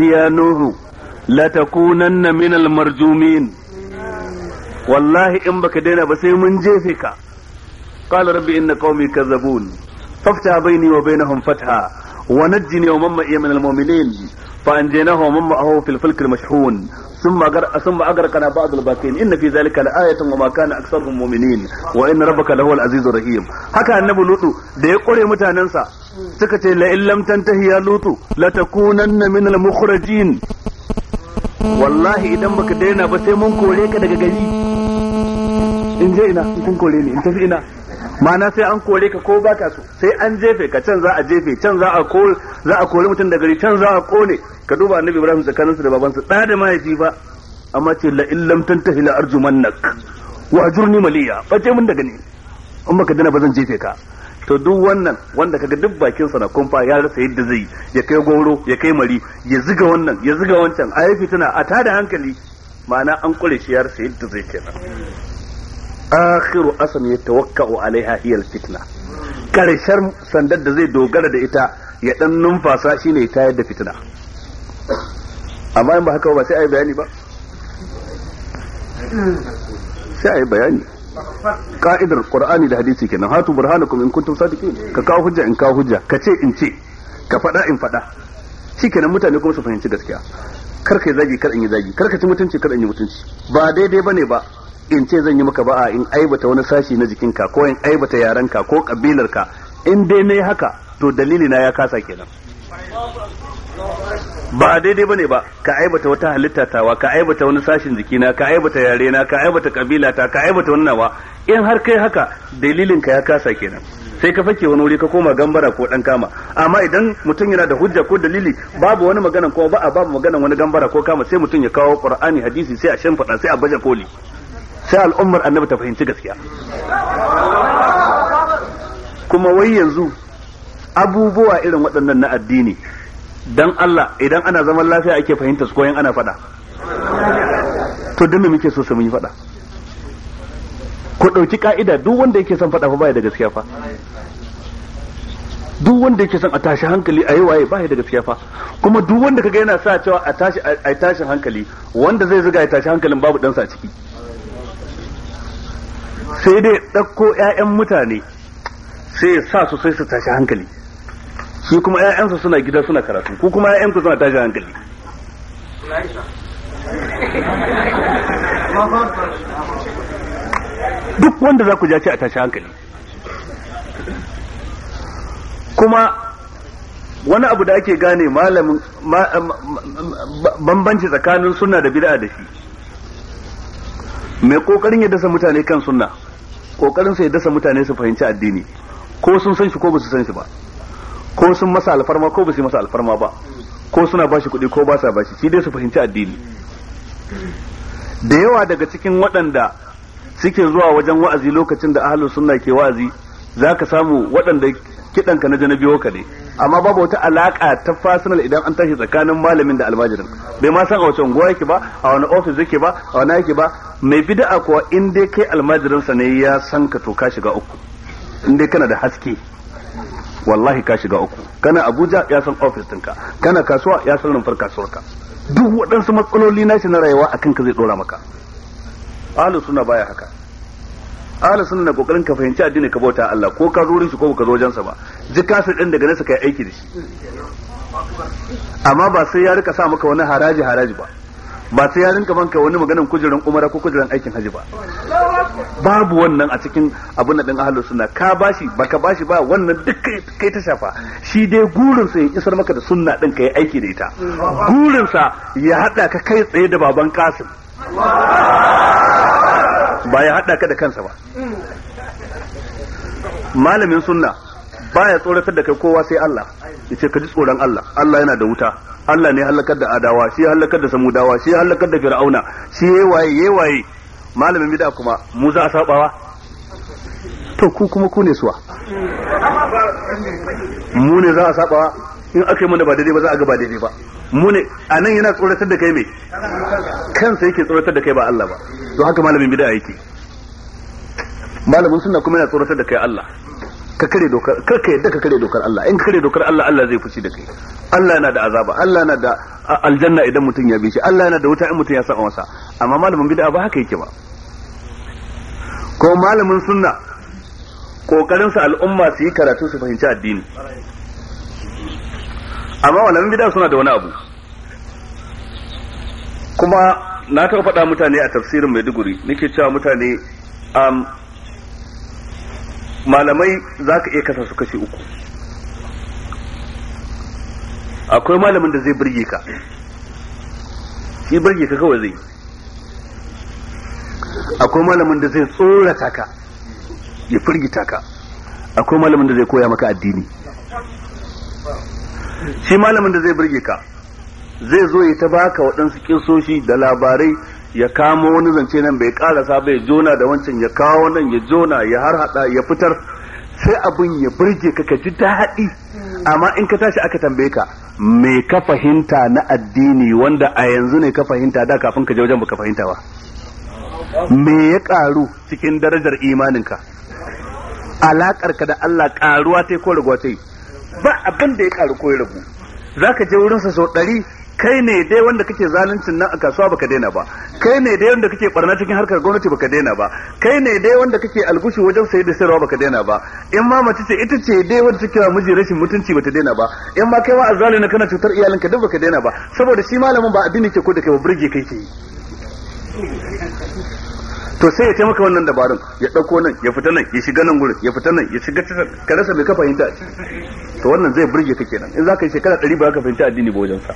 يا نوح تكونن من المرجومين والله إن بك دينا بس من جيفك قال ربي إن قومي كذبون فافتح بيني وبينهم فتحا ونجني ومما معي من المؤمنين فأنجيناه ومما اهو في الفلك المشحون sun magar sun ma'agar kana ba azul baqin inna fi zalika la'ayatan wa ma kana aktsarhum mu'minin wa inna rabbaka lahu al-azizur rahim haka annabi Ludu da ya kware mutanen sa suka ce la illam tantahi ya lutu latakunanna min wallahi idan baka daina ba sai mun kore ka daga gari in je ina mun kore ni in tafi ina ma'ana sai an kore ka ko baka so sai an jefe ka can za a jefe can za a kore za a kore mutum da gari can za a kone ka duba annabi ibrahim tsakaninsa da babansa da da mahaifi ba amma ce la illam tantahi la arjumannak wa ajurni maliya bace mun daga ni in baka dana ba zan jefe ka to duk wannan wanda kaga duk bakin sa na kumfa ya rasa yadda zai yi ya kai goro ya kai mari ya ziga wannan ya ziga wancan a yi fitina a tada hankali ma'ana an kure shi ya rasa yadda zai kenan akhiru asan ya tawakka'u alaiha hiyal fitna karshen sandar da zai dogara da ita ya dan numfasa shine ta yadda fitna amma in ba haka ba sai ai bayani ba sai ai bayani ka'idar qur'ani da hadisi kenan hatu burhanakum in kuntum sadiqin ka kawo hujja in kawo hujja ka ce in ce ka faɗa in faɗa shikenan mutane kuma su fahimci gaskiya kar ka zagi kar in yi zagi kar ka ci mutunci kar in yi mutunci ba daidai bane ba in ce zan yi maka ba'a in aibata wani sashi na jikinka ko in aibata yarenka ko kabilarka in dai ne haka to dalili na ya kasa kenan ba daidai bane ba ka aibata wata halitta tawa ka aibata wani sashin jikina ka aibata yarena ka aibata ta ka aibata wani nawa in har kai haka dalilin ka ya kasa kenan sai ka fake wani wuri ka koma gambara ko dan kama amma idan mutum yana da hujja ko dalili babu wani magana kuma ba a babu magana wani gambara ko kama sai mutum ya kawo qur'ani hadisi sai a shan fada sai a baje koli sai al'ummar annabi ta fahimci gaskiya kuma wai yanzu abubuwa irin waɗannan na addini dan Allah idan ana zaman lafiya ake fahimta su koyan ana faɗa to dan muke so su mun yi faɗa ku ɗauki ka'ida duk wanda yake son faɗa fa baya da gaskiya fa duk wanda yake son a tashi hankali a yi waye baya da gaskiya fa kuma duk wanda kaga yana sa cewa a tashi a tashi hankali wanda zai zuga ya tashi hankalin babu ɗansa a ciki sai dai ɗakko 'ya'yan mutane sai ya sa su sai su tashi hankali su kuma 'ya'yansu suna gida suna karatu ko kuma 'ya'yanku suna tashi hankali duk wanda za ku ja ce a tashi hankali kuma wani abu da ake gane malamin bambanci tsakanin suna da bid'a da shi mai kokarin ya dasa mutane kan sunna kokarin sai dasa mutane su fahimci addini ko sun san shi ko ba su san shi ba ko sun masa alfarma ko ba masa alfarma ba ko suna bashi kuɗi ko ba sa bashi shi dai su fahimci addini da yawa daga cikin waɗanda suke zuwa wajen wa'azi lokacin da ahlus sunna ke wa'azi zaka samu waɗanda kiɗanka na janabiyo ka ne amma babu wata alaka ta fasinal idan an tashi tsakanin malamin da almajirin bai ma san a wace unguwa yake ba a wani ofis yake ba a wani yake ba mai bid'a kuwa in dai kai almajirin sa ne ya san ka to ka shiga uku in dai kana da haske wallahi ka shiga uku kana Abuja ya san ofis ɗinka kana kasuwa ya san rumfar kasuwarka duk waɗansu matsaloli na shi na rayuwa akan ka zai ɗora maka ahlus suna baya haka ahli sunna kokarin ka fahimci addini ka bauta Allah ko ka zo shi ko ka zo jansa ba ji kasir din daga nesa kai aiki da shi amma ba sai ya rika sa maka wani haraji haraji ba ba sai ya rinka banka wani maganan kujeran umara ko kujeran aikin haji ba babu wannan a cikin abin din ahli sunna ka bashi baka bashi ba wannan duk kai ta shafa shi dai gurin sa ya isar maka da sunna din kai aiki da ita gurin sa ya hada ka kai tsaye da baban kasim ba ya haɗa ka da kansa ba malamin sunna baya tsoratar da kai kowa sai Allah yace ka ji tsoron Allah Allah yana da wuta Allah ne halakar da adawa shi halakar da samudawa shi halakar da fir'auna shi yayi yayi waye malamin bid'a kuma mu za a sabawa to ku kuma ku ne suwa mu ne za a sabawa in aka yi mana ba daidai ba za a ga ba daidai ba mu ne a nan yana tsoratar da kai mai kansa yake tsoratar da kai ba Allah ba to haka malamin bid'a yake malamin sunna kuma yana tsoratar da kai Allah ka kare dokar kar ka yadda ka kare dokar Allah in ka kare dokar Allah Allah zai fushi da kai Allah yana da azaba Allah yana da aljanna idan mutum ya bi shi Allah yana da wuta in mutum ya saba masa amma malamin bid'a ba haka yake ba ko malamin sunna kokarin sa al'umma su yi karatu su fahimci addini amma malamin bid'a suna da wani abu kuma na taɓa faɗa mutane a tafsirin maiduguri nake cewa mutane um, malamai za ka iya kasa su kashi uku akwai malamin da zai birge ka shi birge ka kawai zai akwai malamin da zai tsorata ka ya firgita ka akwai malamin da zai koya maka addini shi malamin da zai birge ka zai zo ya ta baka waɗansu kisoshi da labarai ya kamo wani zance nan bai karasa bai jona da wancan ya kawo nan ya jona ya har hada ya fitar sai abin ya burge ka ka ji daɗi amma in ka tashi aka tambaye ka me ka fahimta na addini wanda a yanzu ne ka fahimta da kafin ka je wajen baka fahimta ba me ya karu cikin darajar imaninka alakar ka da Allah karuwa ta ko raguwa ta ba abin da ya karu ko ya za zaka je wurinsa sau ɗari kai ne dai wanda kake zaluncin nan a kasuwa baka daina ba kai ne dai wanda kake barna cikin harkar gwamnati baka daina ba kai ne dai wanda kake algushi wajen sayi da sayarwa baka daina ba in ma mace ce ita ce dai wanda take miji rashin mutunci bata daina ba in ma kai ma ne kana cutar iyalinka duk baka daina ba saboda shi malamin ba addini ke ko da kai ba burge kai ke yi to sai ya taimaka wannan dabarun ya ɗauko nan ya fita nan ya shiga nan gurin ya fita nan ya shiga ta ka rasa mai ka fahimta to wannan zai burge ka kenan in za ka yi shekara ɗari ba ka fahimta addini ba wajen sa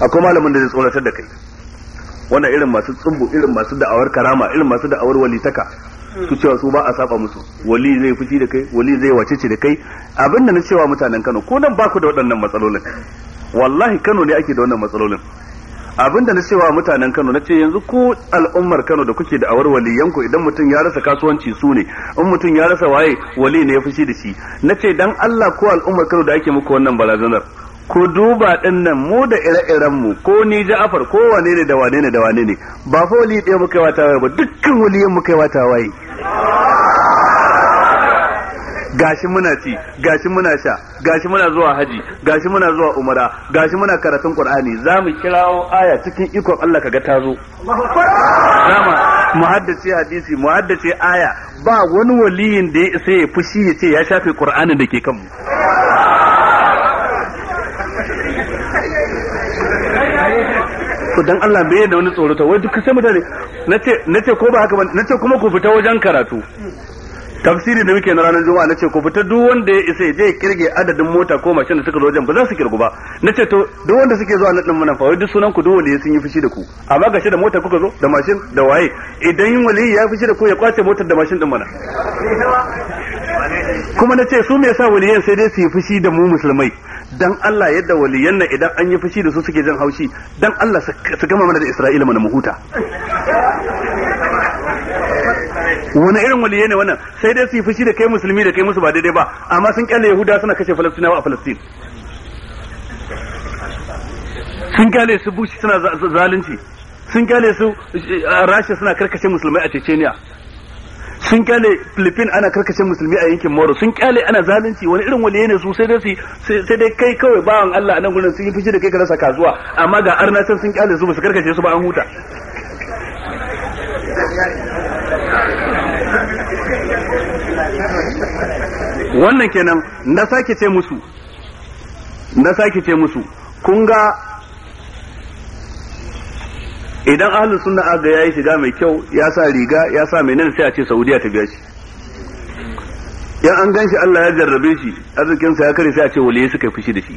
akwai malamin da zai tsoratar da kai wannan irin masu tsumbu irin masu da'awar karama irin masu da'awar walitaka su cewa su ba a saba musu wali zai fushi da kai wali zai wacece da kai abin da na cewa mutanen Kano ko nan ba ku da waɗannan matsalolin wallahi Kano ne ake da wannan matsalolin abin da na cewa mutanen Kano na ce yanzu ko al'ummar Kano da kuke da awar yanku idan mutum ya rasa kasuwanci su ne in mutum ya rasa waye wali ne ya fushi da shi na ce dan Allah ko al'ummar Kano da ake muku wannan barazanar ku duba ɗin nan mu da ire-iren mu ko ni ja'afar ko wane ne da wane ne da wane ne ba fa wali ɗaya muka yi wata waye ba dukkan waliyan muka yi wata waye gashi muna ci gashi muna sha gashi muna zuwa haji gashi muna zuwa umara gashi muna karatun qur'ani za mu kirawo aya cikin ikon Allah kaga ta zo zama mu hadisi mu aya ba wani waliyin da ya isa ya fushi ya ce ya shafe qur'anin da ke kanmu to dan Allah me yana wani tsoro to wai duk sai mutane nace nace ko ba haka ba nace kuma ku fita wajen karatu tafsiri da muke na ranar juma'a nace ku fita duk wanda ya isa je kirge adadin mota ko mashin da suka zo wajen ba za su kirgu ba nace to duk wanda suke zuwa nan mana fa wai duk sunan ku duk wanda ya sun yi fushi da ku amma gashi da mota kuka zo da mashin da waye idan yin wali ya fushi da ku ya kwace motar da mashin din mana kuma nace su me yasa waliyan sai dai su yi fushi da mu musulmai dan Allah yadda waliyan nan idan an yi fushi da su suke jin haushi dan Allah su gama mana da Isra'ila mana mu huta wani irin waliye ne wannan sai dai su yi fushi da kai musulmi da kai musu ba daidai ba amma sun kyale yahuda suna kashe falastinawa a falastin sun kyale su bushi suna zalunci sun kyale su eh, rasha suna karkashe musulmai a chechenia sun kyale filifin ana karkashe musulmi a yankin moro sun kyale ana zalunci wani irin wani yana su sai dai sai dai kai kawai bawan Allah a nan gurin sun yi fushi da kai ka rasa kasuwa amma ga arna can sun kyale su ba su karkashe su ba an huta wannan kenan na sake ce musu na sake ce musu kun ga idan ahlus sunna aga yayi shiga mai kyau ya sa riga ya sa mai nan sai a ce saudiya ta biya shi ya an ganshi Allah ya jarrabe shi arzikin sa ya kare sai a ce waliyi suka fushi da shi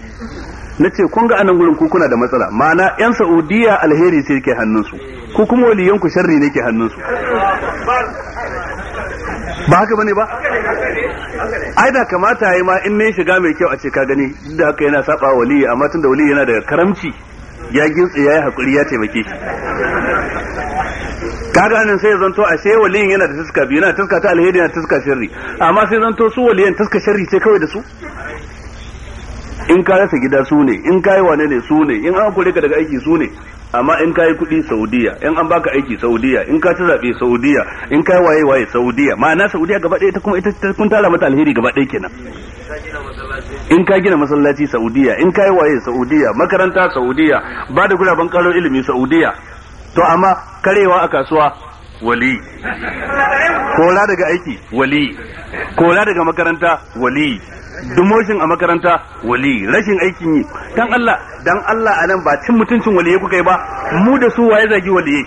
nace kun ga anan gurin ku kuna da matsala ma'ana yan saudiya alheri sai ke hannunsu ku kuma waliyan ku sharri ne ke hannunsu ba haka bane ba ai da kamata yayi ma in ne shiga mai kyau a ce ka gani duk da haka yana saba waliyi amma tunda waliyi yana da karamci ya gintsi ya yi haƙuri ya taimake shi kaga nan sai zanto a sai waliyin yana da tuska biyu yana tuska ta alheri yana tuska sharri amma sai zanto su waliyan tuska sharri sai kawai da su in ka rasa gida su ne in ka yi wane ne su ne in an kore ka daga aiki su ne amma in ka yi kuɗi saudiya in an baka aiki saudiya in ka ci zaɓe saudiya in ka yi waye waye saudiya ma'ana saudiya gaba ɗaya ta kuma ita kun tara mata alheri gaba ɗaya kenan in ka gina masallaci saudiya in ka yi waye saudiya makaranta saudiya ba da gudaban karo ilimi saudiya to amma karewa a kasuwa wali kora daga aiki wali kora daga makaranta wali dumoshin a makaranta wali rashin aikin yi dan Allah dan Allah a nan ba cin mutuncin waliye kuka yi ba mu da su waye zagi waliye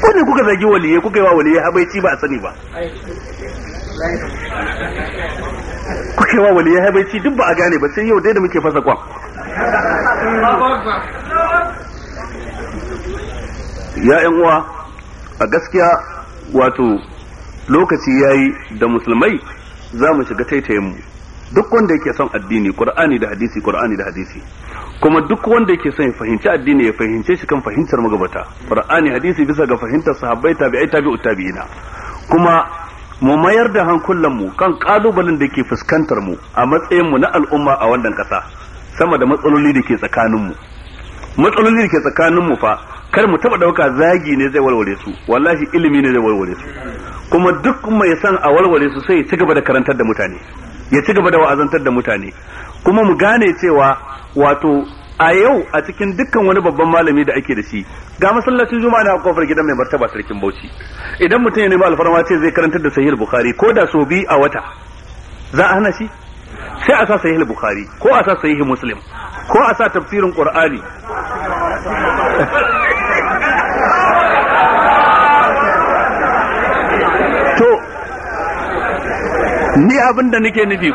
ko ne kuka zagi waliye kuka yi wa waliye habaici ba a sani ba kukewa wali ya habaici duk ba a gane ba sai yau dai da muke fasa kwan ya yan uwa a gaskiya wato lokaci ya yi da musulmai za mu shiga taitayen mu duk wanda yake son addini qur'ani da hadisi qur'ani da hadisi kuma duk wanda yake son ya fahimci addini ya fahimce shi kan fahimtar magabata qur'ani hadisi bisa ga fahimtar sahabbai tabi'ai tabi'u tabi'ina kuma mu mayar da hankulanmu kan kalubalen da ke fuskantar mu a matsayinmu na al'umma a wannan ƙasa sama da matsaloli da ke tsakaninmu matsaloli da ke tsakaninmu fa kar mu taba dauka zagi ne zai walwale su wallahi ilimi ne zai walwale su kuma duk mai san a walwale su sai ya ci gaba da karantar da mutane ya ci gaba da wa'azantar da mutane kuma mu gane cewa wato a yau a cikin dukkan wani babban malami da ake da shi ga masallacin juma'a na kofar gidan mai martaba sarkin bauchi idan mutum ya nemi alfarma ce zai karantar da sahih bukhari ko da sobi a wata za a hana shi sai a sa sahih bukhari ko a sa sahih muslim ko a sa tafsirin qur'ani to ni abin da nake nufi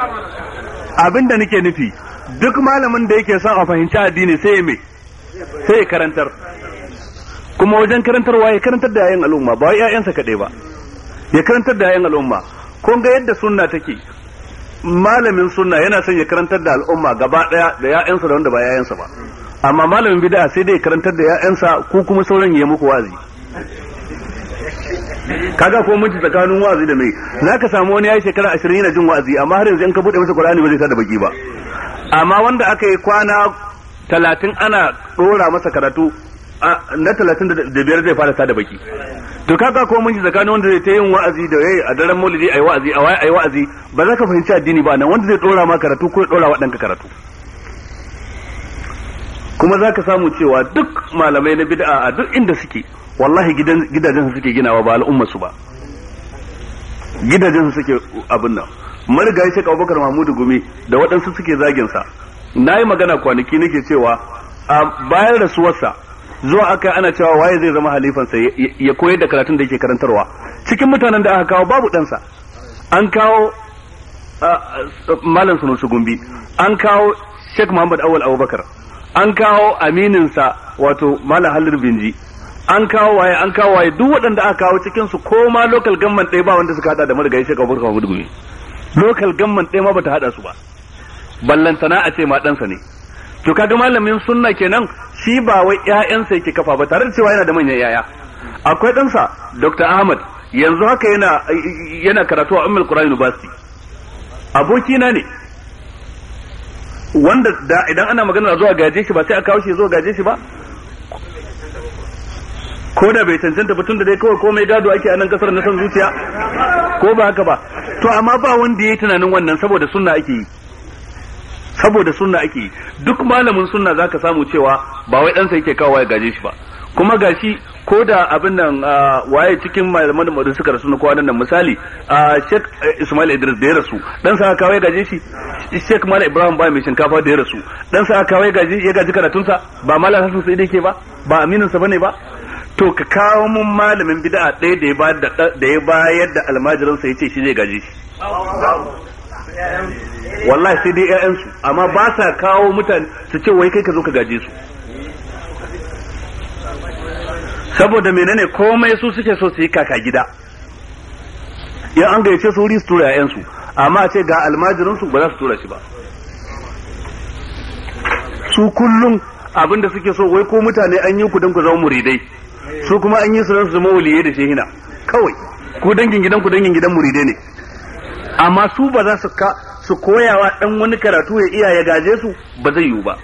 abin da nake nufi duk malamin da yake son a fahimci addini sai me sai ya karantar kuma wajen karantarwa ya karantar da yayin al'umma ba wai 'ya'yansa kadai ba ya karantar da yayin al'umma kun ga yadda sunna take malamin sunna yana son ya karantar da al'umma gaba ɗaya da 'ya'yansa da wanda ba ya'yansa ba amma malamin bid'a sai dai karantar da 'ya'yansa ko kuma sauran ya muku wazi kaga ko mun tsakanin wazi da mai naka samu wani yayi shekara 20 yana jin wazi amma har yanzu in ka bude masa Qur'ani ba zai sa da baki ba amma wanda aka yi kwana talatin ana ɗora masa karatu na talatin da biyar zai fara sada baki to kaka ko mun ji tsakanin wanda zai ta yin wa'azi da yayi a daren maulidi ayi wa'azi a waya ayi wa'azi ba za ka fahimci addini ba nan wanda zai ɗora ma karatu ko ya ɗora wa ɗanka karatu kuma za ka samu cewa duk malamai na bid'a a duk inda suke wallahi gidajen su suke ginawa ba al'umma su ba gidajen su suke abin nan ya shek bakar mahmudu gumi da waɗansu suke zaginsa na yi magana kwanaki nake cewa a bayan rasuwarsa zuwa aka ana cewa waye zai zama halifansa ya koyar da karatun da yake karantarwa cikin mutanen da aka kawo babu ɗansa an kawo malam sunusu gumbi an kawo sheikh muhammad awal abubakar an kawo amininsa wato malam halil binji an kawo waye an kawo waye duk waɗanda aka kawo cikin su ko ma local government ɗaya ba wanda suka hada da marigayi shek bakar mahmud gumi local government ɗaya ma bata hada su ba ballantana a ce ma ɗansa ne to kaga malamin sunna kenan shi ba wai ƴaƴansa yake kafa ba tare da cewa yana da manyan yaya akwai ɗansa Dr. Ahmad yanzu haka yana karatu a Ummul Qur'an University abokina ne wanda da idan ana magana zuwa gaje shi ba sai a kawo shi zuwa gaje shi ba ko da bai cancanta batun da dai kawai komai gado ake a nan kasar na san zuciya ko ba haka ba to amma ba wanda ya yi tunanin wannan saboda sunna ake yi saboda sunna ake yi duk malamin sunna zaka samu cewa ba wai ɗansa yake kawo ya gaje shi ba kuma gashi ko da abin nan waye cikin malaman da suka rasu na kwanan nan misali Sheikh eh, Ismail Idris da ya rasu dan sa kawai gaje shi Sheikh Malam Ibrahim ba mai shinkafa da ya rasu dan sa kawai gaje ya gaji karatunsa sa ba malam Hassan sai dai ke ba ba aminin sa bane ba to ka kawo mun malamin bid'a ɗaya da ya bayar da da ya bayar da sa yace shi zai gaji wallahi sai dai ƴaƴan su amma ba sa kawo mutane su ce wai kai ka zo ka gaje su saboda menene komai su suke so su yi kaka gida in an gayyace su wuri su tura ƴaƴan su amma a ce ga almajirin su ba za su tura shi ba su kullum abinda suke so wai ko mutane an yi ku don ku zama muridai su kuma an yi su su zama waliyai da shehina kawai ku dangin gidan ku dangin gidan muride ne amma su ba za su ka su koyawa dan wani karatu ya iya ya gaje su ba zai yiwu ba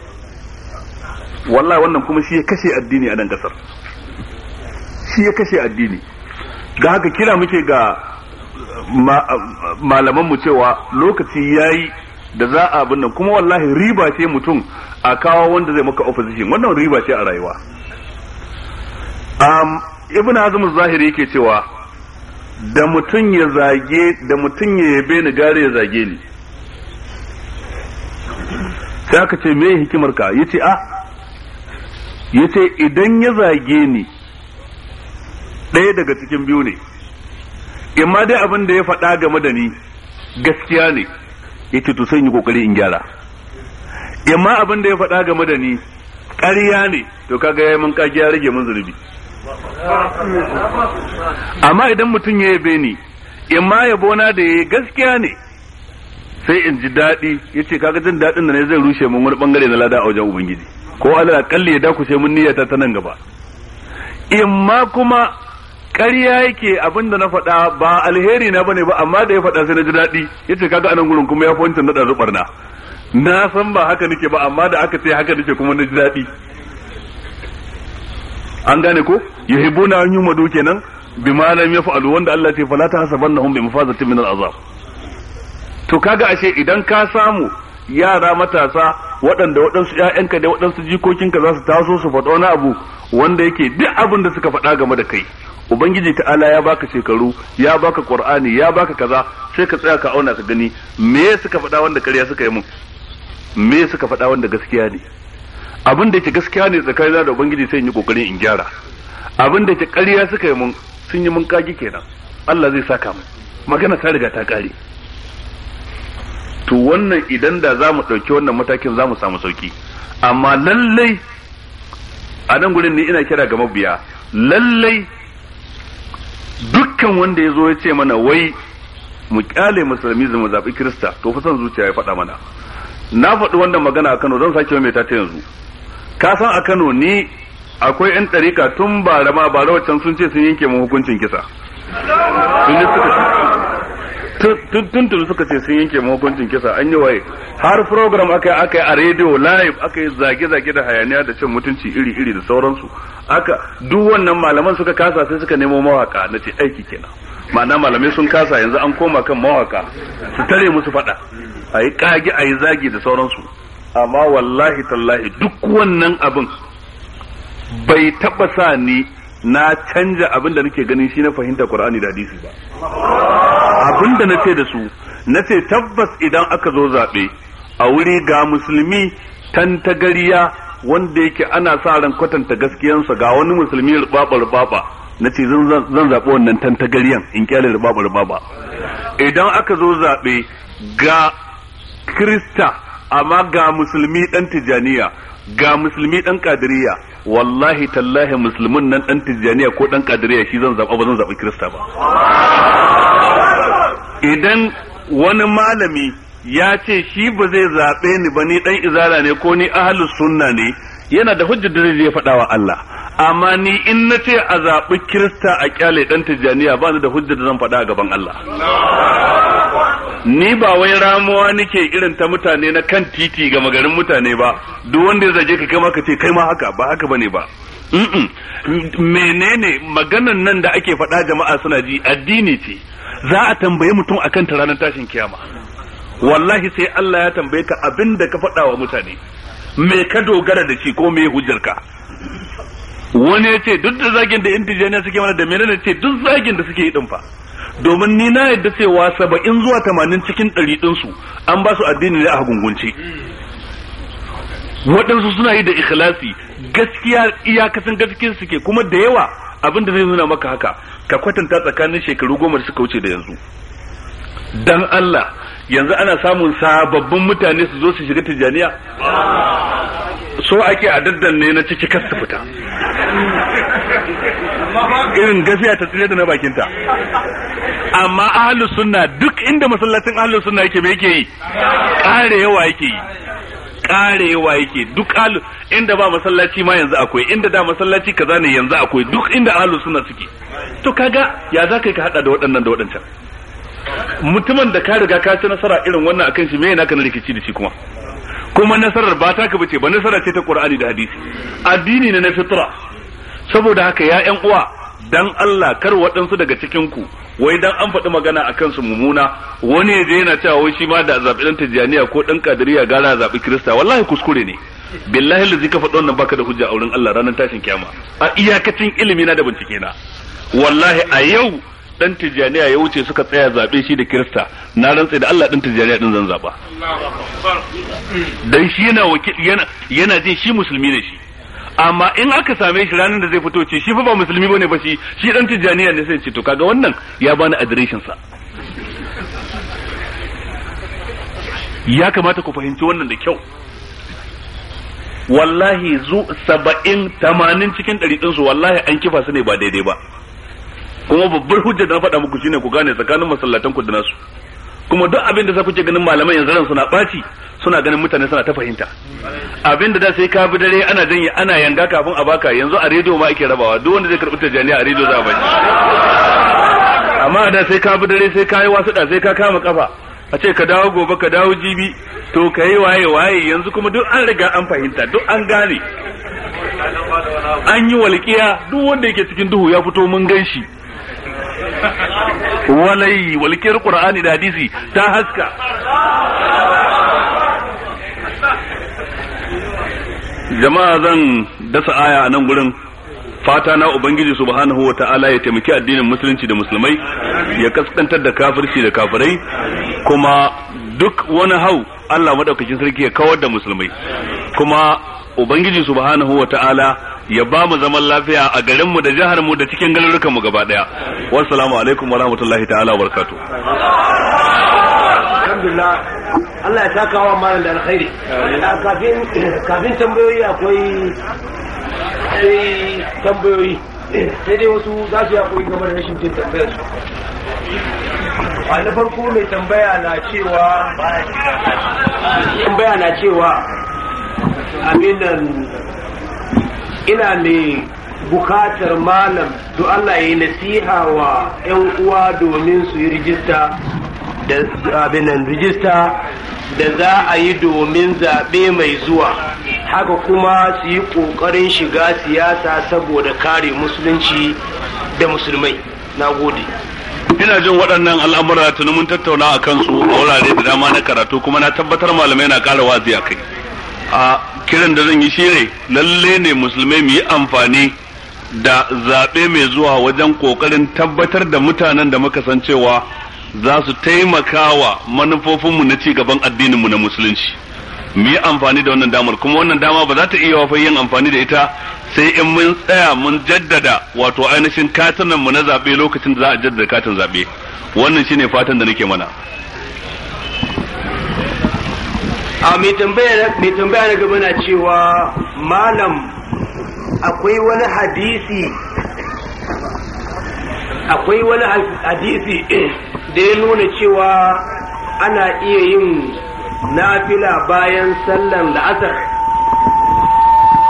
wallahi wannan kuma shi ya kashe addini a nan kasar shi ya kashe addini ga haka kira muke ga malaman mu cewa lokaci yayi da za a abin nan kuma wallahi riba ce mutum a kawo wanda zai maka opposition wannan riba ce a rayuwa um, ibn azum zahiri yake cewa da mutum ya zage da mutum ya yabe ni gare ya zage ni sai aka ce me hikimar ka yace a ah, yace idan ya zage ni ɗaya daga cikin biyu ne ma dai abin da ya faɗa game da ni gaskiya ne yace to sai in yi kokari in gyara ma abin da ya faɗa game da ni ƙarya ne to kaga yayi mun kaji ya rage mun zunubi amma idan mutum ya yabe ni in ma yabo na da ya gaskiya ne sai in ji daɗi ya kaga jin daɗin da ne zai rushe mun wani bangare na lada a wajen ubangiji ko allah kalli ya dakushe mun niyyata ta nan gaba in ma kuma ƙarya yake abin da na faɗa ba alheri na bane ba amma da ya faɗa sai na ji daɗi yace ce kaga anan gurin kuma ya fi wancan na ɗazu na san ba haka nake ba amma da aka ce haka nake kuma na ji daɗi an gane ko yuhibuna an yumadu kenan bima lam yaf'alu wanda Allah ce fala tahsabannahum bi mafazatin min al'azab to kaga ashe idan ka samu yara matasa waɗanda waɗansu ƴaƴanka da waɗansu jikokinka za su taso su faɗo wani abu wanda yake duk abin da suka faɗa game da kai ubangiji ta'ala ya baka shekaru ya baka qur'ani ya baka kaza sai ka tsaya ka auna ka gani me suka faɗa wanda ƙarya suka yi mun me suka faɗa wanda gaskiya ne abin da yake gaskiya ne tsakanin da ubangiji sai yi kokarin in gyara abin da yake ƙarya suka yi mun sun yi mun kagi kenan Allah zai saka mu magana ta riga ta kare to wannan idan da za mu ɗauki wannan matakin za mu samu sauki amma lallai a nan gurin ne ina kira ga mabiya lallai dukkan wanda ya zo ya ce mana wai mu kyale musulmi mu zaɓi kirista to fa son zuciya ya faɗa mana na faɗi wannan magana a kano zan sake mai ta yanzu ka san a Kano ni akwai yan ɗarika tun bara ma bara waccan sun ce sun yanke mu hukuncin kisa tun tun suka ce sun yanke mu hukuncin kisa an yi waye har program aka yi aka yi a rediyo live aka yi zage-zage da hayaniya da cin mutunci iri-iri da sauransu aka duk wannan malaman suka kasa sai suka nemo mawaka na ce aiki kenan ma'ana malamai sun kasa yanzu an koma kan mawaka su tare musu faɗa a yi ƙage a yi zagi da sauransu amma wallahi tallahi duk wannan abin bai taba sa ni na canja abin da nake ganin shi na fahimta Qur'ani da hadisi ba abin da nace da su nace tabbas idan aka zo zabe a wuri ga musulmi tantagariya wanda yake ana sa ran kwatanta gaskiyansa ga wani musulmi rubaba rubaba nace zan zaɓi wannan tantagariyan in kyale rubaba rubaba idan aka zo zabe ga krista amma ga musulmi dan tijaniya ga musulmi dan kadiriya wallahi tallahi musulmin nan dan tijaniya ko dan kadiriya shi zan zaba ba zan zaba kirista ba idan wani malami ya ce shi ba zai zaɓe ni ba ni dan izala ne ko ni ahlus sunna ne yana da hujjar da zai faɗa wa Allah amma ni in na ce a zaɓi kirista a kyale ɗan tijjaniya ba ni da hujjar da zan faɗa a gaban Allah ni ba wai ramuwa nake irin ta mutane na kan titi ga magarin mutane ba duk wanda ya zage ka kai ma ka ce kai ma haka ba haka bane ba menene maganan nan da ake faɗa jama'a suna ji addini ce za a tambaye mutum akan ta ranar tashin kiyama wallahi sai Allah ya tambaye ka abin da ka faɗa wa mutane me ka dogara da shi ko me hujjarka wani ya ce duk da zagin da indijiyaniya suke mana da menene ce duk zagin da suke yi din fa domin ni na yadda cewa saba'in zuwa tamanin cikin ɗari ɗinsu an ba su addini ne a gungunce waɗansu suna yi da ikhlasi gaskiya iyakacin gaskiya suke kuma da yawa abin da zai nuna maka haka ka kwatanta tsakanin shekaru goma da suka wuce da yanzu dan Allah yanzu ana samun sababbin mutane su zo su shiga tijaniya so ake a daddanne na ciki kar su fita irin gafiya ta tsire da na bakinta amma ahlus sunna duk inda masallacin ahlus sunna yake me yake yi kare yawa yake yi karewa yake duk alu inda ba masallaci ma yanzu akwai inda da masallaci kaza ne yanzu akwai duk inda ahalus suna suke to kaga ya za ka hada da waɗannan da waɗancan mutumin da ka riga ka ci nasara irin wannan akan shi me yana kana rikici da shi kuma kuma nasarar ba ta ka bace ba nasara ce ta Qur'ani da hadisi addini ne na fitra saboda haka ya ƴan uwa dan Allah kar waɗansu daga cikin ku wai dan an faɗi magana akan su mumuna wani ya je yana cewa wai shi ma da zabi dan tijaniya ko dan kadiriya gara zabi krista wallahi kuskure ne billahi lazi ka faɗi wannan baka da hujja a wurin Allah ranar tashin kiyama a iyakacin ilimi na da bincike na wallahi a yau dan tijaniya ya wuce suka tsaya zabe shi da kirista na rantsa da Allah dan tijaniya din zan zaba dan shi yana yana yana jin shi musulmi ne shi amma in aka same shi ranar da zai fito ce shi fa ba musulmi bane ba shi shi dan tijaniya ne sai ce to kaga wannan ya bani adireshin sa ya kamata ku fahimci wannan da kyau wallahi zu saba'in tamanin cikin ɗari ɗinsu wallahi an kifa su ne ba daidai ba kuma babbar hujja da na faɗa muku shine ku gane tsakanin masallatan ku da nasu kuma duk abin da za ku ce ganin malaman yanzu ran suna ɓaci suna ganin mutane suna ta fahimta abin da da sai ka bi dare ana janye ana yanga kafin a baka yanzu a rediyo ma ake rabawa duk wanda zai karɓi tajaniya a rediyo za a bani amma da sai ka bi dare sai ka yi wasu da sai ka kama kafa a ce ka dawo gobe ka dawo jibi to ka yi waye waye yanzu kuma duk an riga an fahimta duk an gane an yi walƙiya duk wanda yake cikin duhu ya fito mun gan shi walai walkiyar qur'ani da hadisi ta haska jama'a zan dasa aya a nan gurin fata na ubangiji subhanahu wa ta'ala ya taimaki addinin musulunci da musulmai ya kaskantar da kafirci da kafirai kuma duk wani hau Allah madaukakin sarki ya kawar da musulmai kuma ubangiji subhanahu wa ta'ala ya ba mu zaman lafiya a garin mu da jihar mu da cikin garurukan mu gaba daya wassalamu alaikum wa rahmatullahi ta'ala wa barakatuh alhamdulillah Allah ya saka wa malam da alkhairi kafin kafin tambayoyi akwai eh, tambayoyi sai dai wasu za su ya koyi gaba da rashin jin tambayar su a na farko mai tambaya na cewa tambaya na cewa aminan ina mai bukatar malam to Allah ya yi nasiha wa 'yan uwa domin su yi rijista da abinan rijista da za a yi domin zaɓe mai zuwa haka kuma su yi ƙoƙarin shiga siyasa saboda kare musulunci da musulmai na ina jin waɗannan al'amura tuni mun tattauna a kansu a wurare da dama na karatu kuma na tabbatar malamai na ƙara wazi a kai a kiran da zan yi ne lalle ne musulmai mu yi amfani da zaɓe mai zuwa wajen ƙoƙarin tabbatar da mutanen da muka san cewa za su taimaka wa manufofinmu na ci gaban addininmu na musulunci mu yi amfani da wannan damar kuma wannan dama ba za ta iya wafa yin amfani da ita sai in mun tsaya mun jaddada wato ainihin mu na zaɓe lokacin da za a jaddada katin zaɓe wannan shine fatan da nake mana a mai tambaya na gaba na cewa malam akwai wani hadisi akwai wani hadisi da ya nuna cewa ana iya yin nafila bayan sallan la'asar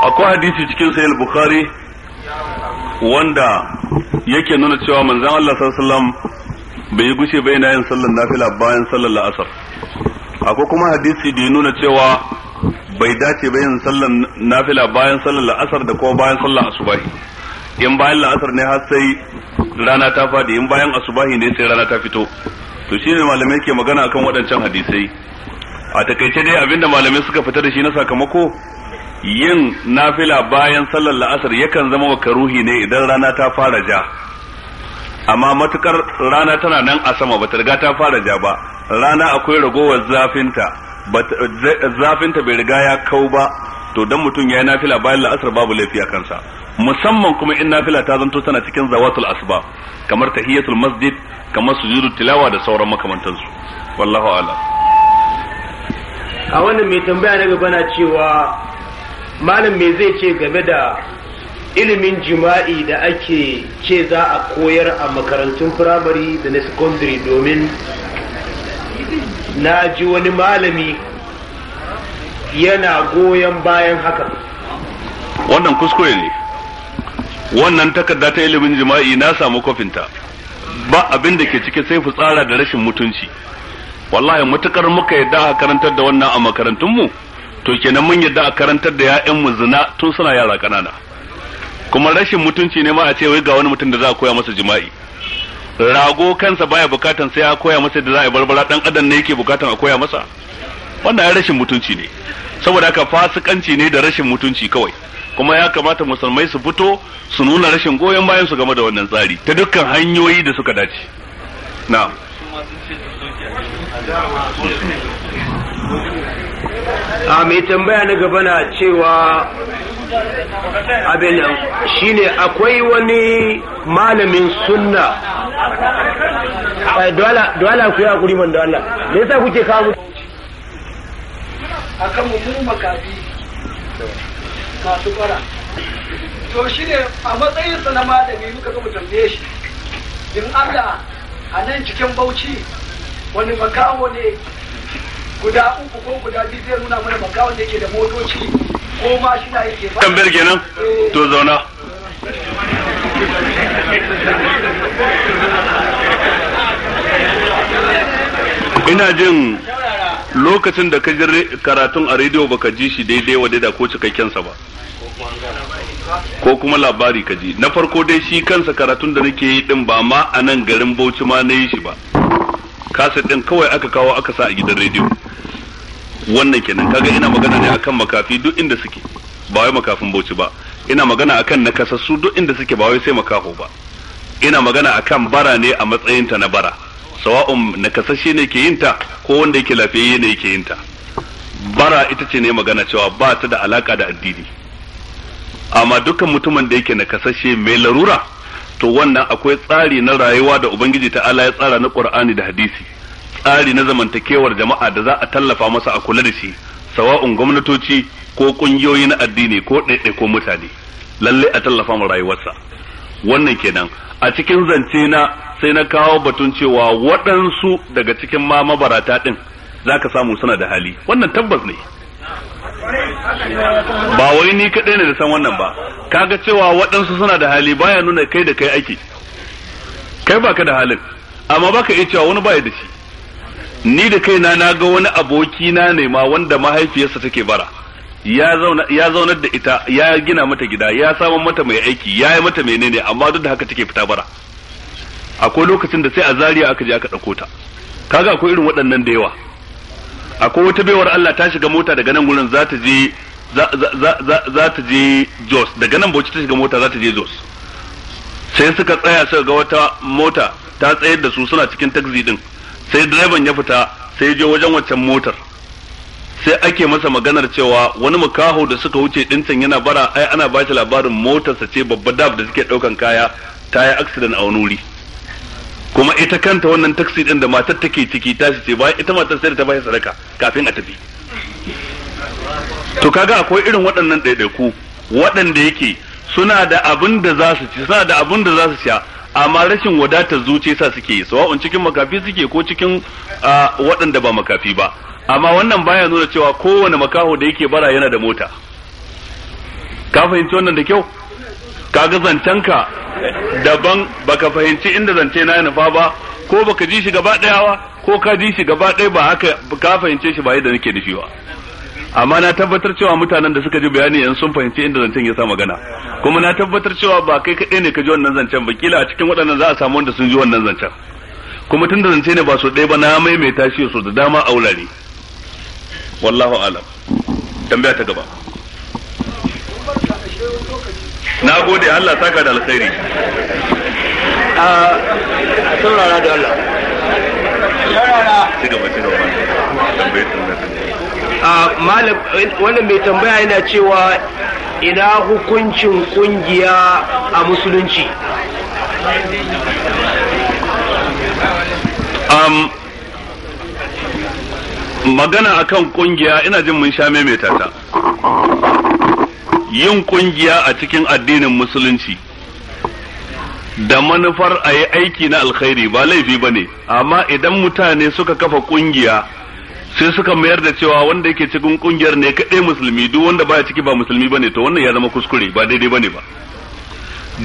akwai hadisi cikin sahih bukhari wanda yake nuna cewa manzon Allah sallallahu alaihi wasallam bai gushe bai na yin sallan nafila bayan sallan la'asar akwai kuma hadisi da ya nuna cewa bai dace ba yin sallan nafila bayan sallar la'asar da kuma bayan sallar asubahi in bayan la'asar ne har sai rana ta fadi in bayan asubahi ne sai rana ta fito to shine malamai ke magana akan waɗancan hadisai a takaice dai abinda malamai suka fita da shi na sakamako yin nafila bayan sallar la'asar yakan zama wa karuhi ne idan rana ta fara ja amma matukar rana tana nan a sama bata riga ta fara ja ba rana akwai ragowar zafinta zafinta bai riga ya kau ba to dan mutum ya yi nafila bayan la'asar babu laifi a kansa musamman kuma in nafila ta zanto tana cikin zawatul asba kamar tahiyatul masjid kamar sujudu tilawa da sauran makamantansu wallahu a'lam a wannan mai tambaya na gaba na cewa malam me zai ce game da ilimin jima'i da ake ce za a koyar a makarantun firamare da na secondary domin na ji wani malami yana goyon bayan haka wannan kuskure ne wannan takarda ta ilimin jima'i na samu kofinta ba abin da ke cike sai tsara da rashin mutunci wallahi matukar muka yadda a karantar da wannan a makarantunmu to kenan mun yadda a karantar da 'ya'yanmu zina tun suna yara ƙanana kuma rashin mutunci ne ma a ce wai ga wani mutum da za a koya masa jima'i rago kansa baya bukatan sai a koya masa da za a yi barbara dan adam ne yake bukatan a koya masa wannan ya rashin mutunci ne saboda haka fasikanci ne da rashin mutunci kawai kuma ya kamata musulmai su fito su nuna rashin goyon bayan su game da wannan tsari ta dukkan hanyoyi da suka dace na'am a mai tambaya na gaba na cewa abin nan shine akwai wani malamin sunna eh, dole ku yi hakuri man da Allah me yasa kuke kawo akan mu makafi masu kwara to shi ne a matsayinsa na malami muka gama tambaye shi in Allah a nan cikin bauchi wani makawo ne guda uku ko guda biyu zai nuna mana banga wanda yake da motoci ko mashina yake ba. Tambayar kenan eh. to zauna. Ina jin lokacin da ka ji karatun a rediyo baka ji shi daidai wa da ko cikakkensa ba. ko kuma labari ka ji na farko dai shi kansa karatun da nake yi din ba ma a nan garin Bauchi ma na yi shi ba kaset ɗin kawai aka kawo aka sa a gidan rediyo wannan kenan kaga ina magana ne akan makafi duk inda suke ba wai makafin bauchi ba ina magana akan nakasassu duk inda suke ba wai sai makaho ba ina magana akan bara ne a matsayinta na bara sawa'un nakasashe ne ke yinta ko wanda yake lafiyayye ne yake yinta bara ita ce ne magana cewa ba ta da alaka da addini amma dukkan mutumin da yake nakasashe mai larura to wannan akwai tsari na rayuwa da ubangiji ta allah ya tsara na qur'ani da hadisi tsari na zamantakewar jama'a da za a tallafa masa a kula da shi sawa'un gwamnatoci ko kungiyoyi na addini ko ko mutane lalle a tallafa mu rayuwarsa wannan kenan a cikin zance na sai na kawo batun cewa waɗansu daga cikin ma mabarata ɗin za ka samu suna da hali wannan tabbas ne ba wai ni kaɗai ne da san wannan ba kaga cewa waɗansu suna da hali baya nuna kai da kai aiki kai ba ka da halin amma baka iya cewa wani baya da shi ni da kaina na ga wani aboki na ne ma wanda mahaifiyarsa take bara ya zauna ya zaunar da ita ya gina mata gida ya samu mata mai aiki ya yi mata menene amma duk da haka take fita bara akwai lokacin da sai a zariya aka je aka ɗauko ta kaga akwai irin waɗannan da yawa akwai wata baiwar Allah ta shiga mota daga nan gurin za ta je za ta je Jos daga nan Bauchi ta shiga mota za ta je Jos sai suka tsaya suka ga wata mota ta tsayar da su suna cikin taxi din sai direban ya fita sai je wajen waccan motar sai ake masa maganar cewa wani mukaho da suka wuce dincin yana bara ai ana ba shi labarin motarsa ce babba dab da suke daukan kaya ta yi accident a wani wuri kuma ita kanta wannan taksi din da matar take ciki ta ce bayan ita matar sai ta bayar sadaka kafin a tafi to kaga akwai irin waɗannan ɗaiɗaiku waɗanda yake suna da abin da za su ci suna da abin da za su sha amma rashin wadatar zuciya sa suke yi sawa'un cikin makafi suke ko cikin waɗanda ba makafi ba amma wannan baya nuna cewa kowane makaho da yake bara yana da mota ka fahimci wannan da kyau kaga zancenka daban baka fahimci inda zance na nufa ba ko baka ji shi gaba ɗaya ko ka ji shi gaba ɗaya ba haka ka fahimce shi ba yadda nake da shi ba amma na tabbatar cewa mutanen da suka ji bayani yanzu sun fahimci inda zancen ya sa magana kuma na tabbatar cewa ba kai kaɗai ne ka ji wannan zancen ba kila a cikin waɗannan za a samu wanda sun ji wannan zancen kuma tunda zance ne ba so ɗaya ba na maimaita shi so da dama a wurare wallahu alam tambaya ta gaba na gode Allah saka da alkhairi a saurara da Allah wannan mai tambaya yana cewa ina hukuncin kungiya a musulunci um, magana akan kungiya ina jin mun sha maimaita ta yin kungiya a cikin addinin musulunci da manufar a yi aiki na alkhairi ba laifi ba ne amma idan mutane suka kafa kungiya sai suka mayar da cewa wanda yake cikin kungiyar ne kaɗai musulmi duk wanda baya ciki ba musulmi ba ne to wannan ya zama kuskure ba daidai ba ne ba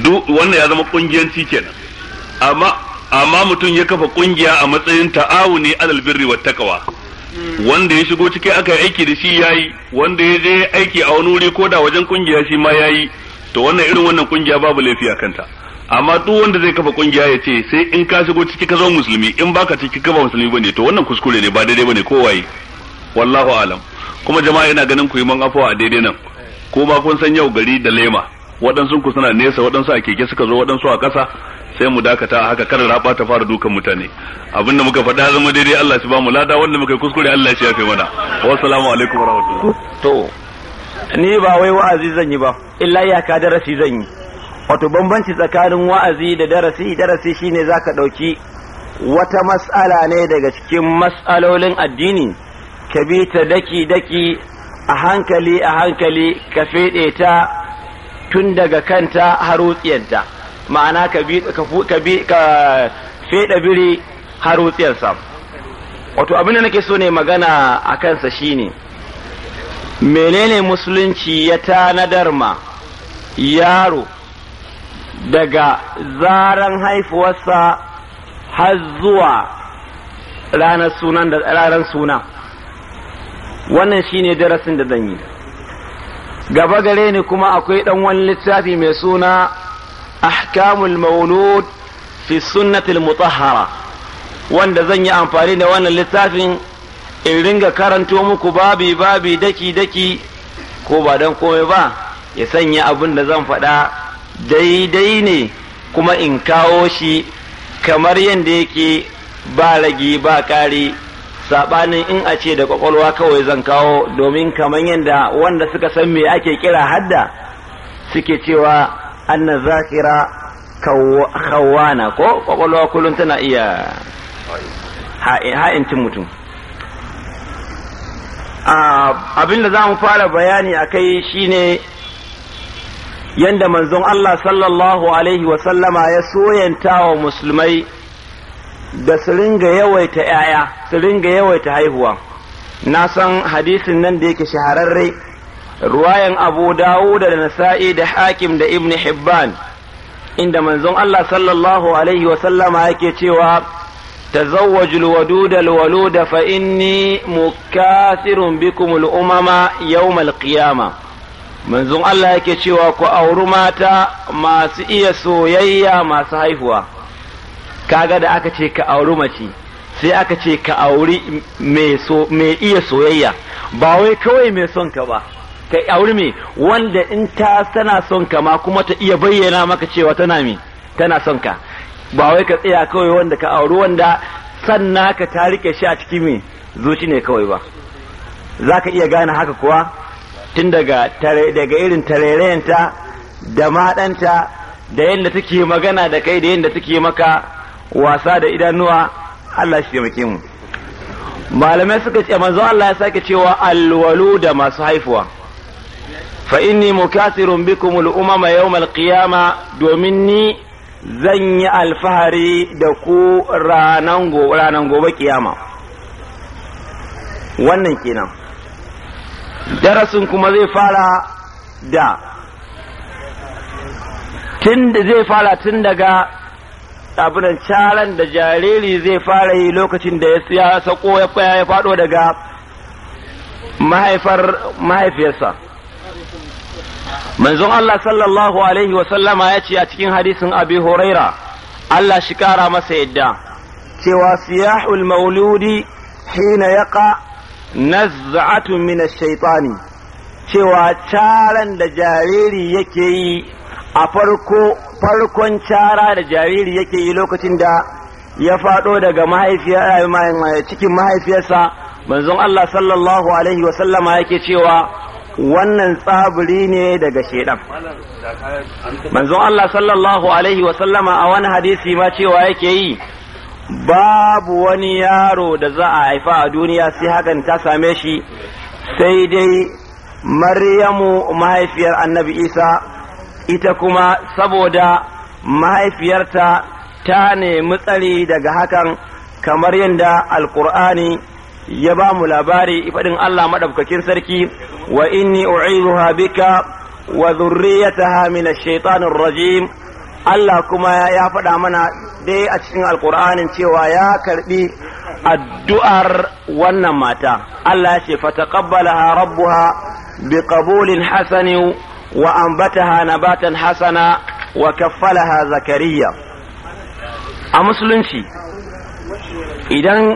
duk wannan ya zama kungiyanci kenan amma amma mutum ya kafa kungiya a matsayin ta'awuni alal birri wa taqwa wanda ya shigo ciki aka yi aiki da shi yayi wanda ya je aiki a wani wuri ko da wajen kungiya shi ma yayi to wannan irin wannan kungiya babu laifi a kanta amma duk wanda zai kafa kungiya ya ce sai in ka shigo ciki ka zama musulmi in baka ciki ka ba musulmi bane to wannan kuskure ne ba daidai bane waye. wallahu alam kuma jama'a ina ganin ku yi man afuwa a daidai nan ko ba kun san yau gari da lema waɗansu ku suna nesa waɗansu a keke suka zo waɗansu a ƙasa sai mu dakata haka kar raba ta fara dukan mutane abinda muka faɗa zama daidai Allah shi ba mu lada wanda muka kuskure Allah shi yafe mana wa assalamu alaikum warahmatullahi to ni ba wai wa'azi zan yi ba illa ka darasi zan yi wato bambanci tsakanin wa'azi da darasi darasi shine zaka dauki wata mas'ala ne daga cikin mas'alolin addini ka bi ta daki daki a hankali a hankali ka fede ta tun daga kanta har wutsiyanta ma'ana ka bi ka bi ka feda biri har wutsiyarsa wato abin da nake so ne magana a kansa shine menene musulunci ya tanadar ma yaro daga zaran haifuwarsa har zuwa ranar sunan da ranar suna wannan shine darasin da zan yi gaba gare ni kuma akwai dan wani littafi mai suna أحكام المولود في السنة المطهرة wanda zan yi amfani da wannan littafin in ringa karanto muku babi babi daki daki ko ba don komai ba ya sanya abin da zan faɗa daidai ne kuma in kawo shi kamar yadda yake ba ragi ba kari saɓanin in a ce da kwakwalwa kawai zan kawo domin kamar yadda wanda suka san me ake kira hadda suke cewa anna zakira khawana ko kwakwalwa kullum tana iya ha'intin mutum ah, abin za mu fara bayani a kai shine yadda manzon Allah sallallahu alaihi wasallama ya soyanta wa musulmai da su ringa yawaita 'ya'ya suringa yawaita haihuwa na san hadisin nan da yake shahararre ruwayan abu dawud da nasa'i da hakim da ibn hibban inda manzon Allah sallallahu alaihi wa sallama yake cewa tazawwajul wadud al walud fa inni mukathirun bikum al umama yawm al qiyamah manzon Allah yake cewa ku auri mata masu iya soyayya masu haihuwa kaga da aka ce ka auri mace sai aka ce ka auri mai iya soyayya ba wai kawai mai son ka ba ta auri me wanda in ta tana son ka ma kuma ta iya bayyana maka cewa tana me tana son ka ba wai ka tsaya kawai wanda ka auri wanda sannan ka ta rike shi a cikin me zuci ne kawai ba za ka iya gane haka kuwa tun daga daga irin tarerayenta da maɗanta da yadda take magana da kai da yadda take maka wasa da idanuwa Allah shi taimake mu malamai suka ce manzo Allah ya sake cewa alwalu da masu haifuwa fa inni mukathirun bikum al'umama yawmal qiyama domin ni zan yi alfahari da ku ranan gobe ranan gobe kiyama wannan kenan darasin kuma zai fara da tun da zai fara tun daga abinan caran da jariri zai fara yi lokacin da ya sako ya faɗo daga mahaifar mahaifiyarsa manzon Allah sallallahu alaihi wa sallama ya ce a cikin hadisin abi huraira Allah shi kara masa yadda cewa siyahul mauludi hina yaqa naz'atu min ash-shaytani cewa caran da jariri yake yi a farko farkon cara da jariri yake yi lokacin da ya fado daga mahaifiyar eh, cikin mahaifiyarsa manzon Allah sallallahu alaihi wa sallama yake cewa wannan tsabiri ne daga shedan manzo Allah sallallahu alaihi wa sallama a wani hadisi ma cewa yake yi babu wani yaro da za a haifa a duniya sai hakan ta same shi sai dai maryamu mahaifiyar annabi isa ita kuma saboda mahaifiyarta ta nemi tsari daga hakan kamar yadda alkur'ani ya ba mu labari faɗin Allah madaukakin sarki wa inni u'izuha bika wa dhurriyyataha min ash-shaytanir rajim Allah kuma ya faɗa mana dai a cikin alkur'anin cewa ya karbi addu'ar wannan mata Allah ya ce fataqabbalaha rabbuha biqabulin hasani wa anbataha nabatan hasana wa kaffalaha zakariya a musulunci idan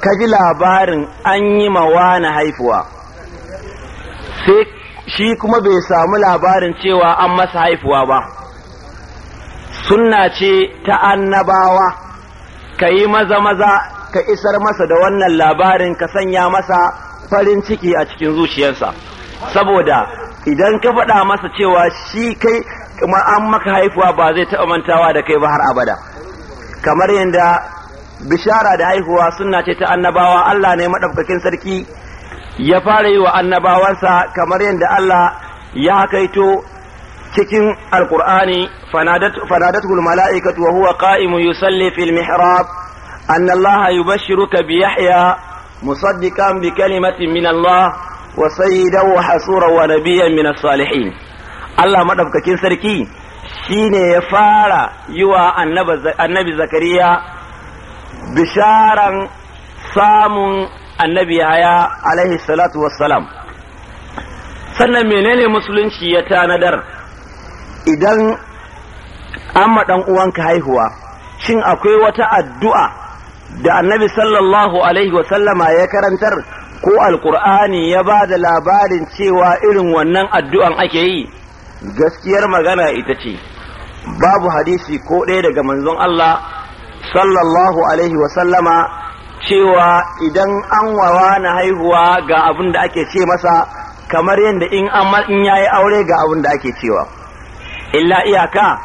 ka ji labarin an yi mawa na haifuwa sai shi kuma bai samu labarin cewa an masa haifuwa ba sunna ce ta annabawa ka yi maza maza ka isar masa da wannan labarin ka sanya masa farin ciki a cikin zuciyarsa saboda idan ka faɗa masa cewa shi kai an maka haifuwa ba zai taɓa mantawa da kai ba har abada kamar yadda bishara da haihuwa suna ce ta annabawa Allah ne madaukakin sarki ya fara yi wa annabawansa kamar yadda Allah ya kaito cikin alkur'ani fanadatul mala'ikatu wa huwa qa'imun yusalli fil mihrab anna Allah yubashshiruka bi Yahya musaddiqan bi kalimatin min Allah wa sayyidan wa hasuran wa nabiyyan min as-salihin Allah madaukakin sarki shine ya fara yi wa annabi Zakariya bisharan samun annabi haya alaihi salatu wassalam sannan menene musulunci ya tanadar idan an maɗan uwanka haihuwa shin akwai wata addu'a da annabi sallallahu alaihi wasallama ya karantar ko alkur'ani ya ba da labarin cewa irin wannan addu'an ake yi gaskiyar magana ita ce babu hadisi ko ɗaya daga manzon Allah sallallahu alaihi wasallama cewa idan an wawa haihuwa ga abin da ake ce masa kamar yadda in ya yi aure ga abin da ake cewa illa iyaka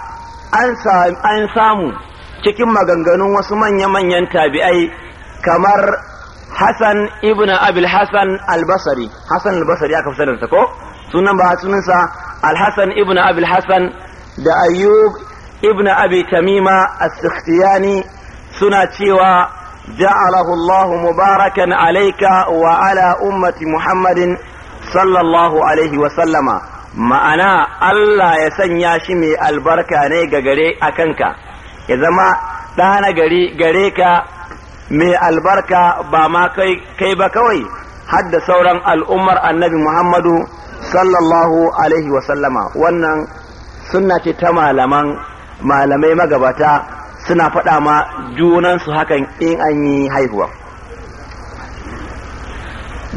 an samu cikin maganganun wasu manya-manyan tabi'ai kamar hassan ibn abil hassan albasari hassan albasari aka fi sanarsa ko sunan ba sunansa alhassan ibn abil hassan da ayyub ibn abi tamima as-sikhtiyani suna cewa ja'alahu Allah mubarakan alayka wa ala ummati Muhammadin sallallahu alaihi wa sallama ma'ana Allah ya sanya shi mai albarka ne ga gare a kanka ya zama ɗana gari gare ka mai albarka ba ma kai ba kawai har da sauran al'ummar annabi Muhammadu sallallahu alaihi wa sallama wannan sunna ce ta malaman malamai magabata suna faɗa ma junansu hakan in an yi haihuwa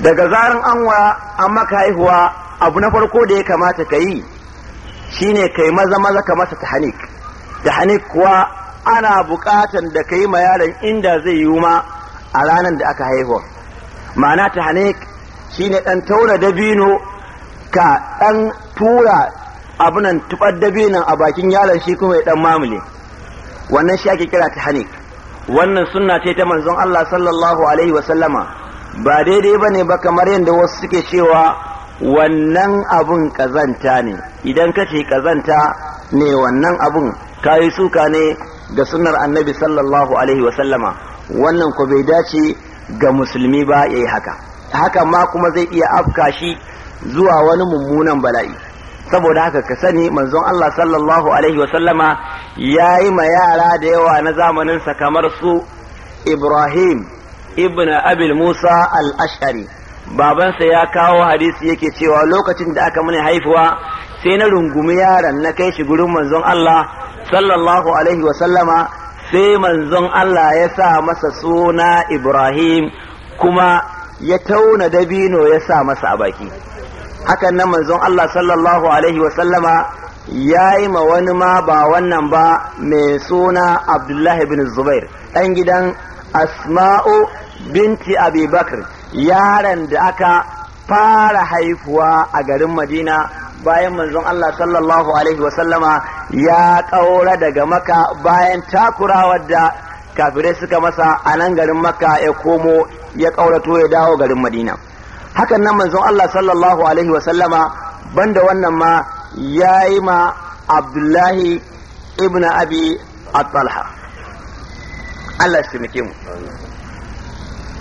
daga zaran an wa an maka haihuwa abu na farko da ya kamata ka yi shine kai maza maza ka masa tahanik tahanik kuwa ana buƙatan da ka yi ma yaron inda zai yi ma a ranar da aka haihuwa ma'ana tahanik shine ɗan taura dabino ka ɗan tura abunan tubar nan a bakin yaron shi kuma ya dan mamule wannan shi ake kira ta hanik wannan sunna ce ta manzon Allah sallallahu alaihi wa sallama ba daidai ba ne ba kamar yadda wasu suke cewa wannan abun kazanta ne idan ka ce kazanta ne wannan abun ka yi suka ne ga sunnar annabi sallallahu alaihi wa sallama wannan ko bai dace ga musulmi ba ya yi haka haka ma kuma zai iya afka shi zuwa wani mummunan bala'i saboda haka ka sani manzon Allah sallallahu alaihi wasallama ya yi ma yara da yawa na zamaninsa kamar su Ibrahim ibn Abil Musa al-Ash'ari babansa ya kawo hadisi yake cewa lokacin da aka muni haifuwa sai na rungumi yaron na kai shi gurin manzon Allah sallallahu alaihi wasallama sai manzon Allah ya sa masa suna Ibrahim kuma ya tauna dabino ya sa masa a baki hakan nan manzon Allah sallallahu alaihi wa sallama ya yi ma wani ma ba wannan ba mai suna Abdullahi bin Zubair ɗan gidan Asma'u binti Abi Bakr yaron da aka fara haifuwa a garin Madina bayan manzon Allah sallallahu alaihi wa sallama ya ƙaura daga maka bayan takurawa da kafirai suka masa a nan garin Makka ya komo ya ƙaurato ya dawo garin Madina. hakan nan manzon Allah sallallahu alaihi wa sallama banda wannan ma yayi ma Abdullahi ibn Abi At-Talha Allah shi muke mu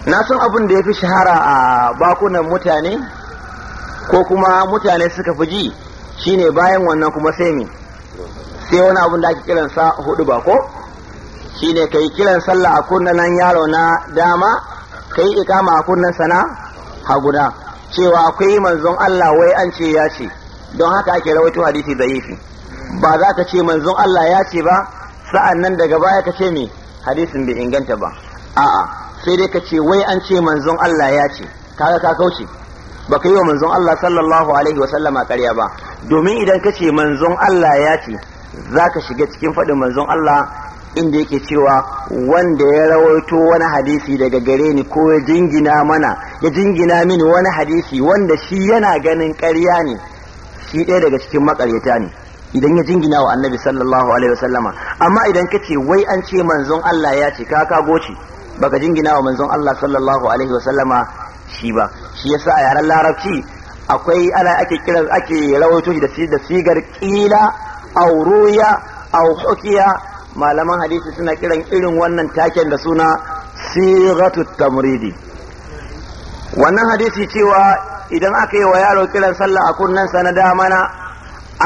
na san abin da ya fi shahara a bakunan mutane ko kuma mutane suka fi ji shine bayan wannan kuma sai me sai wani abun da ake kiransa hudu ba ko shine kai kiran sallah a kunnan yaro na dama kai ikama a kunnan sana Haguna cewa akwai manzon Allah wai an ce ya ce don haka ake rawaito hadisi fi ba za ka ce manzon Allah ya ce ba sa'an nan daga baya ka ce me hadisin bai inganta ba a'a sai dai ka ce wai an ce manzon Allah ya ce kaga ka kauce ba ka yi wa manzon Allah sallallahu alaihi wa sallama ƙarya ba domin idan ka ce manzon Allah ya ce za ka shiga cikin faɗin manzon Allah inda yake cewa wanda ya rawaito wani hadisi daga gare ni ko ya jingina mana ya jingina mini wani hadisi wanda shi yana ganin ƙarya ne shi ɗaya daga cikin makaryata ne idan ya jingina wa annabi sallallahu alaihi wasallama amma idan ka ce wai an ce manzon Allah ya ce ka ka goce baka jingina wa manzon Allah sallallahu alaihi wasallama shi ba shi yasa a yaren larabci akwai ana ake kiran ake rawaito da sigar kila auruya au hukiya malaman hadisi suna kiran irin wannan taken da suna siratu tamridi wannan hadisi cewa idan aka yi wa yaro kiran sallah a kunnensa na damana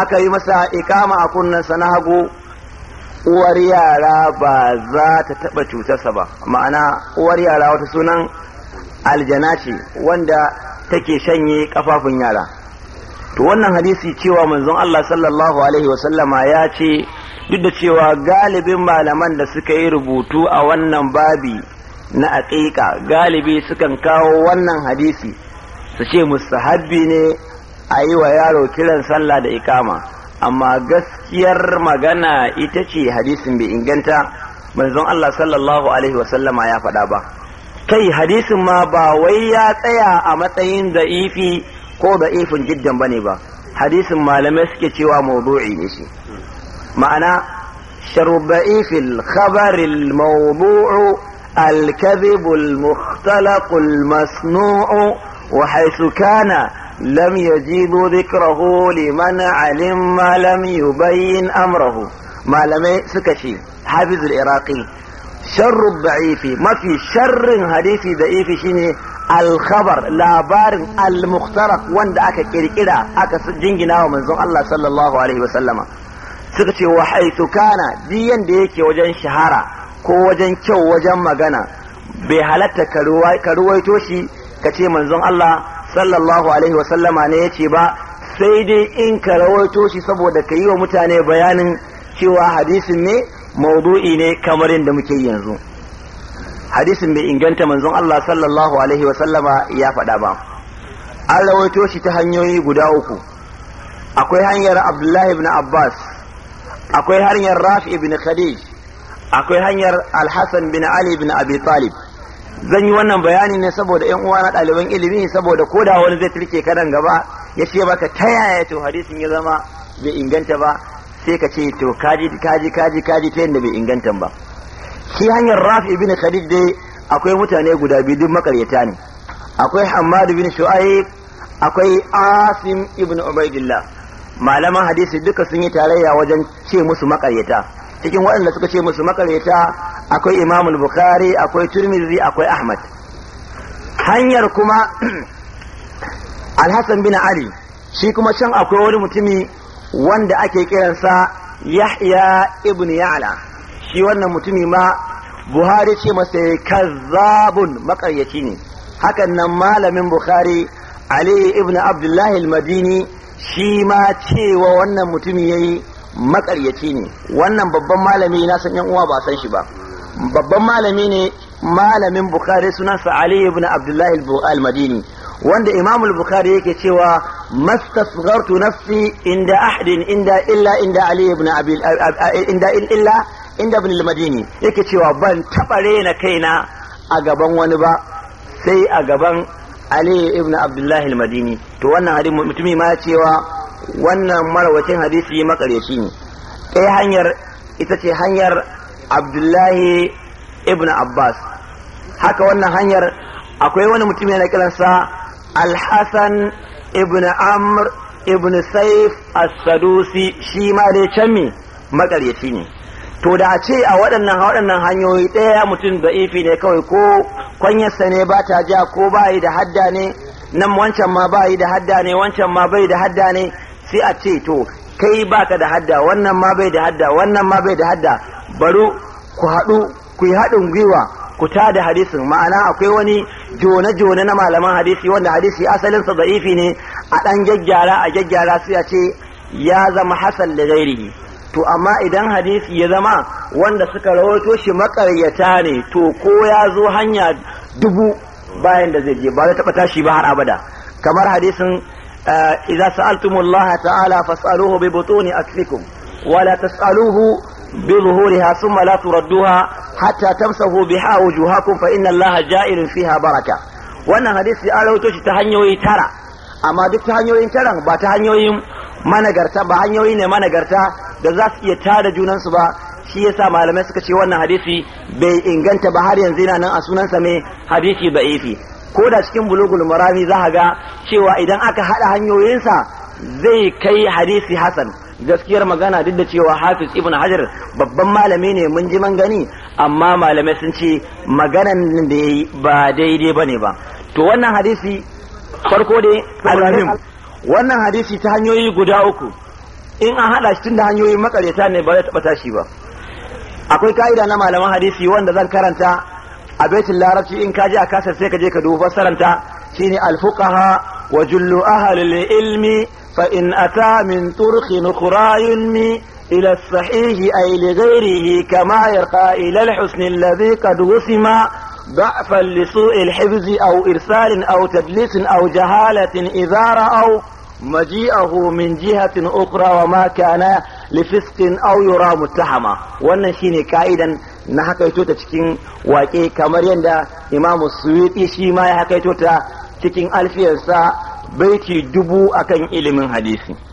aka yi masa ikama a kunnensa na hagu uwar yara ba za ta taɓa cutarsa ba ma'ana uwar yara wata sunan aljana ce wanda take shanye kafafun yara to wannan hadisi cewa manzon Allah sallallahu alaihi wasallama ya ce duk da cewa galibin malaman da suka yi rubutu a wannan babi na aƙiƙa galibi sukan kawo wannan hadisi su ce mustahabbi ne a yi wa yaro kiran sallah da ikama amma gaskiyar magana ita ce hadisin bai inganta manzon Allah sallallahu alaihi wasallama ya faɗa ba kai hadisin ma ba wai ya tsaya a matsayin da ko da ifin jiddan bane ba hadisin malamai suke cewa mawdu'i ne shi معناه شربئي في الخبر الموضوع الكذب المختلق المصنوع وحيث كان لم يجيب ذكره لمن علم ما لم يبين أمره ما لم سكشي حافظ العراقي شر الضعيف ما في شر حديث ضعيف شيني الخبر لا بار المخترق وند أكا كيركدا أكا جنجنا ومنزو الله صلى الله عليه وسلم suka ce wa haitu kana diyan da yake wajen shahara ko wajen kyau wajen magana bai halatta ka ruwaito shi ka ce manzon Allah sallallahu alaihi wa sallama ne yace ba sai dai in ka ruwaito shi saboda ka yi wa mutane bayanin cewa hadisin ne maudu'i ne kamar yadda muke yanzu hadisin mai inganta manzon Allah sallallahu alaihi wa sallama ya faɗa ba an rawaito shi ta hanyoyi guda uku akwai hanyar Abdullahi ibn Abbas akwai hanyar rafi ibn khadij akwai hanyar alhassan bin ali bin abi talib zan yi wannan bayani ne saboda yan uwa na ɗaliban ilimi saboda ko da wani zai turke nan gaba ya ce baka ta yaya to hadisin ya zama bai inganta ba sai ka ce to kaji kaji kaji kaji ta yadda bai inganta ba shi hanyar rafi ibn khadij dai akwai mutane guda biyu duk makaryata ne akwai hammad bin shu'aib akwai asim ibn ubaidillah malaman hadisi duka sun yi tarayya wajen ce musu makaryata cikin waɗanda suka ce musu makaryata akwai imamul bukhari akwai turmizi akwai ahmad hanyar kuma alhassan bin ali shi kuma can akwai wani mutumi wanda ake kiransa yahya ibn ya'la shi wannan mutumi ma buhari ce masa kazzabun makaryaci ne hakan nan malamin bukhari ali ibn abdullahi al-madini shi ma cewa wannan mutumin yayi makaryaci ne wannan babban malami na san yan uwa ba san shi ba babban malami ne malamin bukhari sunansa ali ibn abdullahi al-madini wanda imam al-bukhari yake cewa mastasghartu nafsi inda ahdin inda illa inda ali ibn abi inda illa inda ibn al-madini yake cewa ban taba rena kaina a gaban wani ba sai a gaban ali ibn abdullahi al-madini to wannan hadisi mutumi ma cewa wannan marawacin hadisi makareci ne Kai hanyar ita ce hanyar abdullahi ibn abbas haka wannan hanyar akwai wani mutum yana kiransa al-hasan ibn amr ibn saif as-sadusi shi ma dai can me makareci ne to da a ce a waɗannan waɗannan hanyoyi ɗaya mutum da ifi ne kawai ko kwanyarsa ne ba ta ja ko ba yi da hadda ne nan wancan ma ba yi da hadda ne wancan ma bai da hadda ne sai a ce to kai baka da hadda wannan ma bai da hadda wannan ma bai da hadda bari ku haɗu ku yi haɗin gwiwa ku ta da hadisin ma'ana akwai wani jone-jone na malaman hadisi wanda hadisi asalinsa da ifi ne a ɗan gyaggyara a gyaggyara sai a ce ya zama hasan da gairihi to amma idan hadisi ya zama wanda suka rawaito shi makaryata ne to ko ya zo hanya dubu bayan da zai je ba zai taba tashi ba har abada kamar hadisin eh, idza sa'altumullah ta'ala fas'aluhu bi butuni akfikum wa la tas'aluhu bi zuhuriha thumma la turadduha hatta tamsahu biha wujuhakum fa inna allaha ja'ilun fiha baraka wannan hadisi an rawaito shi ta hanyoyi tara amma duk ta hanyoyin taran ba ta hanyoyin managarta ba hanyoyi ne managarta da za su iya tada junansu ba shi yasa malamai suka ce wannan hadisi bai inganta ba har yanzu yana nan a sunansa mai hadisi da'ifi ko da cikin bulugul marami za ga cewa idan aka haɗa hanyoyinsa zai kai hadisi hasan gaskiyar magana duk da cewa hafiz ibn hajar babban malami ne mun ji man gani amma malamai sun ce maganan da yi ba daidai ba ne ba to wannan hadisi farko dai wannan hadisi ta hanyoyi guda uku in an haɗa shi tunda hanyoyin makareta ne ba zai taɓa tashi ba akwai ka'ida na malaman hadisi wanda zan karanta a baitin larabci in ka je a kasar sai ka je ka dubi fassaranta shine alfuqaha wa jullu ahli ilmi fa in ata min turqi nukhra ila sahih ay li ghayrihi kama yarqa ila al-husn alladhi qad wusima ضعفا لسوء الحفظ أو إرسال أو تدليس أو jahalatin إذا رأوا maji'ahu min jihatin ukra wa ma kana li fisqin aw yura muttahama wannan shine ka'idan na hakaito ta cikin waƙe kamar yadda imamu suyuti shi ma ya hakaito ta cikin alfiyarsa baiti dubu akan ilimin hadisi